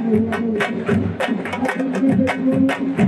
Thank you.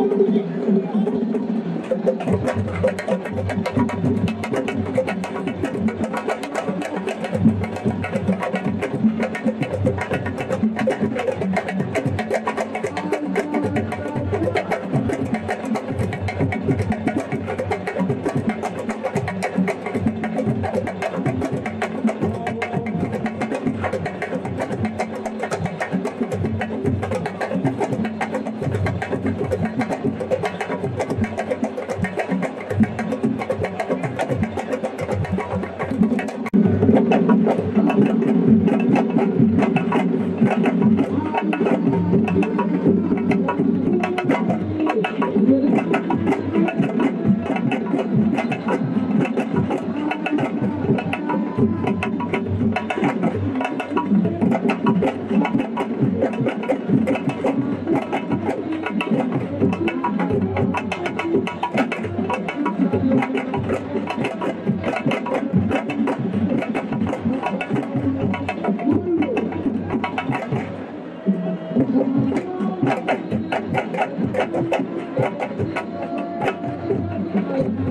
Thank you.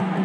a you.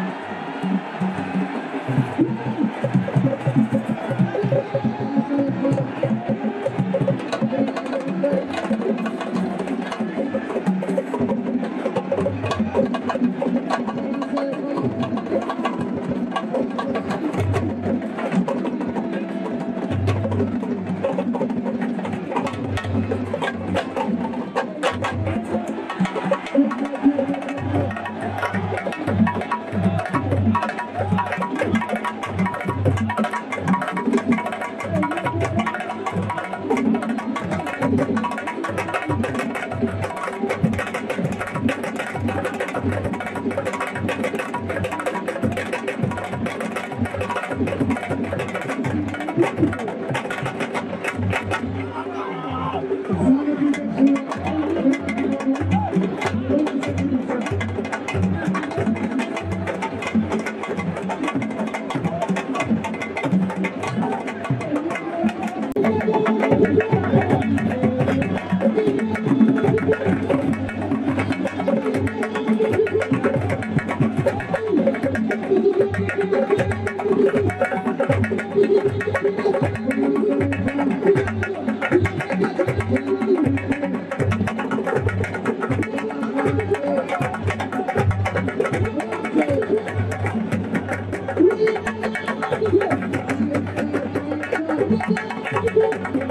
Thank you. Thank you.